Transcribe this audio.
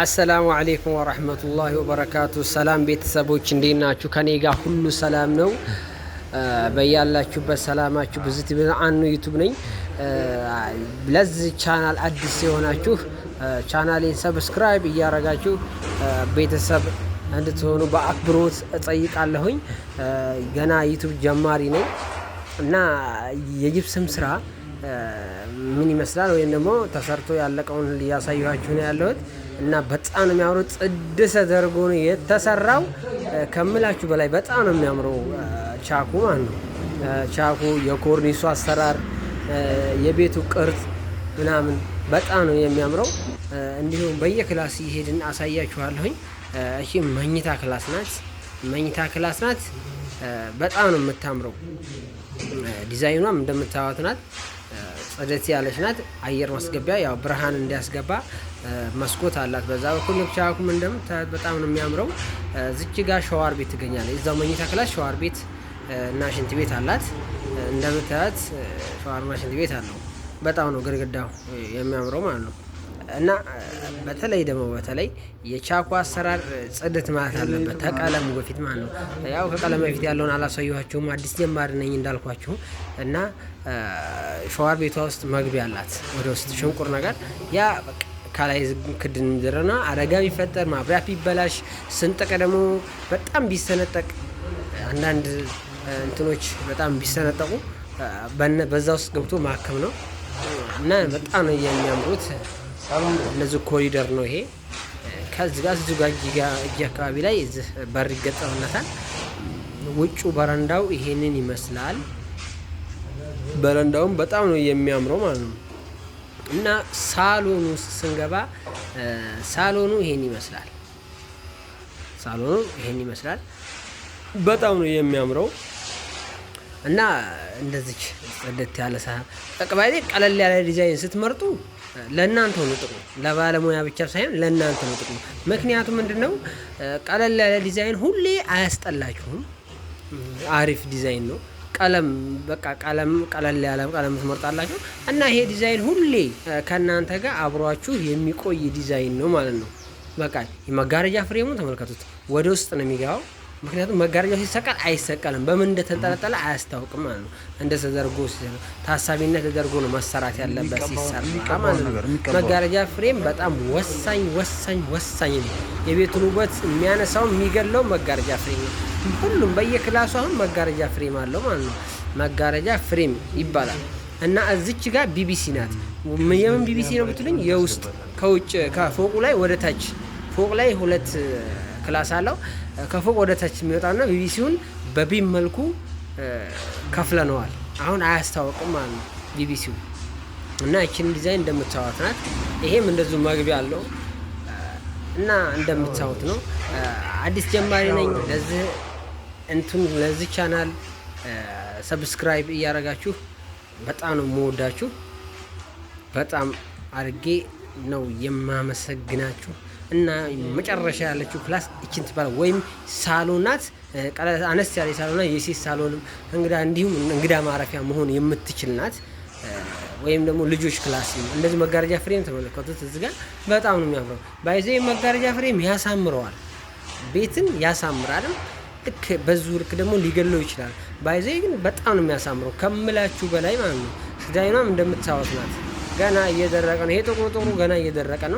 አሰላሙ አሌይኩም ወረህመቱላሂ ወበረካቱ። ሰላም ቤተሰቦች እንዴት ናችሁ? ከኔ ጋር ሁሉ ሰላም ነው። በያላችሁበት ሰላማችሁ ብዙ አኑ ዩቱብ ነኝ። ለዚህ ቻናል አዲስ የሆናችሁ ቻናሌን ሰብስክራይብ እያረጋችሁ ቤተሰብ እንድትሆኑ በአክብሮት እጠይቃለሁኝ። ገና ዩቱብ ጀማሪ ነኝ እና የጅብስም ስራ ምን ይመስላል ወይም ደግሞ ተሰርቶ ያለቀውን ሊያሳያችሁ ነው ያለሁት እና በጣም ነው የሚያምረው። ጽድ ተደርጎ ነው የተሰራው ከምላችሁ በላይ በጣም ነው የሚያምረው ቻኩ ማለት ነው። ቻኩ የኮርኒሱ አሰራር፣ የቤቱ ቅርጽ ምናምን በጣም ነው የሚያምረው። እንዲሁም በየክላስ ይሄድን አሳያችኋለሁኝ። እሺ መኝታ ክላስ ናት። መኝታ ክላስ ናት። በጣም ነው የምታምረው። ዲዛይኗም እንደምታዩት ናት። ጽደት ያለች ናት። አየር ማስገቢያ ያው ብርሃን እንዲያስገባ መስኮት አላት። በዛ በኩል ብቻኩም እንደም በጣም ነው የሚያምረው። ዝች ጋር ሸዋር ቤት ትገኛለች። እዛው መኝታ ክላስ ሸዋር ቤት እና ሽንት ቤት አላት። እንደምታያት ሸዋርና ሽንት ቤት አለው። በጣም ነው ግድግዳው የሚያምረው ማለት ነው። እና በተለይ ደግሞ በተለይ የቻኮ አሰራር ጽድት ማለት አለበት ተቀለሙ በፊት ማለት ነው። ያው ከቀለም በፊት ያለውን አላሳየኋችሁም፣ አዲስ ጀማሪ ነኝ እንዳልኳችሁ እና ሸዋር ቤቷ ውስጥ መግቢያ አላት ወደ ውስጥ ሽንቁር ነገር ያ ከላይ ክድን ድረና አደጋ ቢፈጠር ማብሪያ ቢበላሽ ስንጠቅ ደግሞ በጣም ቢሰነጠቅ አንዳንድ እንትኖች በጣም ቢሰነጠቁ በዛ ውስጥ ገብቶ ማከም ነው እና በጣም ነው የሚያምሩት። እነዚህ ኮሪደር ነው ይሄ። ከዚህ ጋር እዚህ ጋር እጅ አካባቢ ላይ እዚህ በር ይገጠምለታል። ውጩ በረንዳው ይሄንን ይመስላል። በረንዳውም በጣም ነው የሚያምረው ማለት ነው። እና ሳሎኑ ስንገባ ሳሎኑ ይሄን ይመስላል። ሳሎኑ ይሄን ይመስላል። በጣም ነው የሚያምረው። እና እንደዚች ጽድት ያለ ጠቅባይ ቀለል ያለ ዲዛይን ስትመርጡ ለእናንተ ነው ጥቅሙ፣ ለባለሙያ ብቻ ሳይሆን ለእናንተ ነው ጥቅሙ። ምክንያቱም ምንድን ነው ቀለል ያለ ዲዛይን ሁሌ አያስጠላችሁም። አሪፍ ዲዛይን ነው። ቀለም በቃ ቀለም ቀለል ያለ ቀለም ትመርጣላችሁ እና ይሄ ዲዛይን ሁሌ ከእናንተ ጋር አብሯችሁ የሚቆይ ዲዛይን ነው ማለት ነው። በቃ የመጋረጃ ፍሬሙ ተመልከቱት። ወደ ውስጥ ነው የሚገባው። ምክንያቱም መጋረጃው ሲሰቀል አይሰቀልም፣ በምን እንደተንጠለጠለ አያስታውቅም ማለት ነው። እንደ ተደርጎ ታሳቢነት ተደርጎ ነው መሰራት ያለበት ሲሰራ ማለት ነው። መጋረጃ ፍሬም በጣም ወሳኝ ወሳኝ ወሳኝ ነው። የቤቱን ውበት የሚያነሳው የሚገለው መጋረጃ ፍሬም ነው። ሁሉም በየክላሱ አሁን መጋረጃ ፍሬም አለው ማለት ነው። መጋረጃ ፍሬም ይባላል እና እዚች ጋር ቢቢሲ ናት። የምን ቢቢሲ ነው ብትሉኝ፣ የውስጥ ከውጭ ከፎቁ ላይ ወደ ታች ፎቅ ላይ ሁለት ክላስ አለው። ከፎቅ ወደ ታች የሚወጣና ቢቢሲውን በቢም መልኩ ከፍለነዋል። አሁን አያስታወቅም ማለት ነው ቢቢሲው እና ይችን ዲዛይን እንደምታዩት ናት። ይሄም እንደዚሁ መግቢያ አለው እና እንደምታዩት ነው። አዲስ ጀማሪ ነኝ። ለዚህ እንትን ለዚህ ቻናል ሰብስክራይብ እያደረጋችሁ በጣም ነው የምወዳችሁ። በጣም አድርጌ ነው የማመሰግናችሁ። እና መጨረሻ ያለችው ክላስ እችን ትባላል ወይም ሳሎናት አነስ ያለ ሳሎና የሴት ሳሎን እንግዳ እንዲሁም እንግዳ ማረፊያ መሆን የምትችል ናት። ወይም ደግሞ ልጆች ክላስ እንደዚህ መጋረጃ ፍሬም ተመለከቱት። እዚህ ጋር በጣም ነው የሚያምረው። ባይዘ መጋረጃ ፍሬም ያሳምረዋል፣ ቤትን ያሳምራልም። ልክ በዙ ልክ ደግሞ ሊገለው ይችላል። ባይዘ ግን በጣም ነው የሚያሳምረው ከምላችሁ በላይ ማለት ነው። ዲዛይኗም እንደምታወት ናት። ገና እየደረቀ ነው። ይሄ ጥቁር ጥቁሩ ገና እየደረቀ ነው።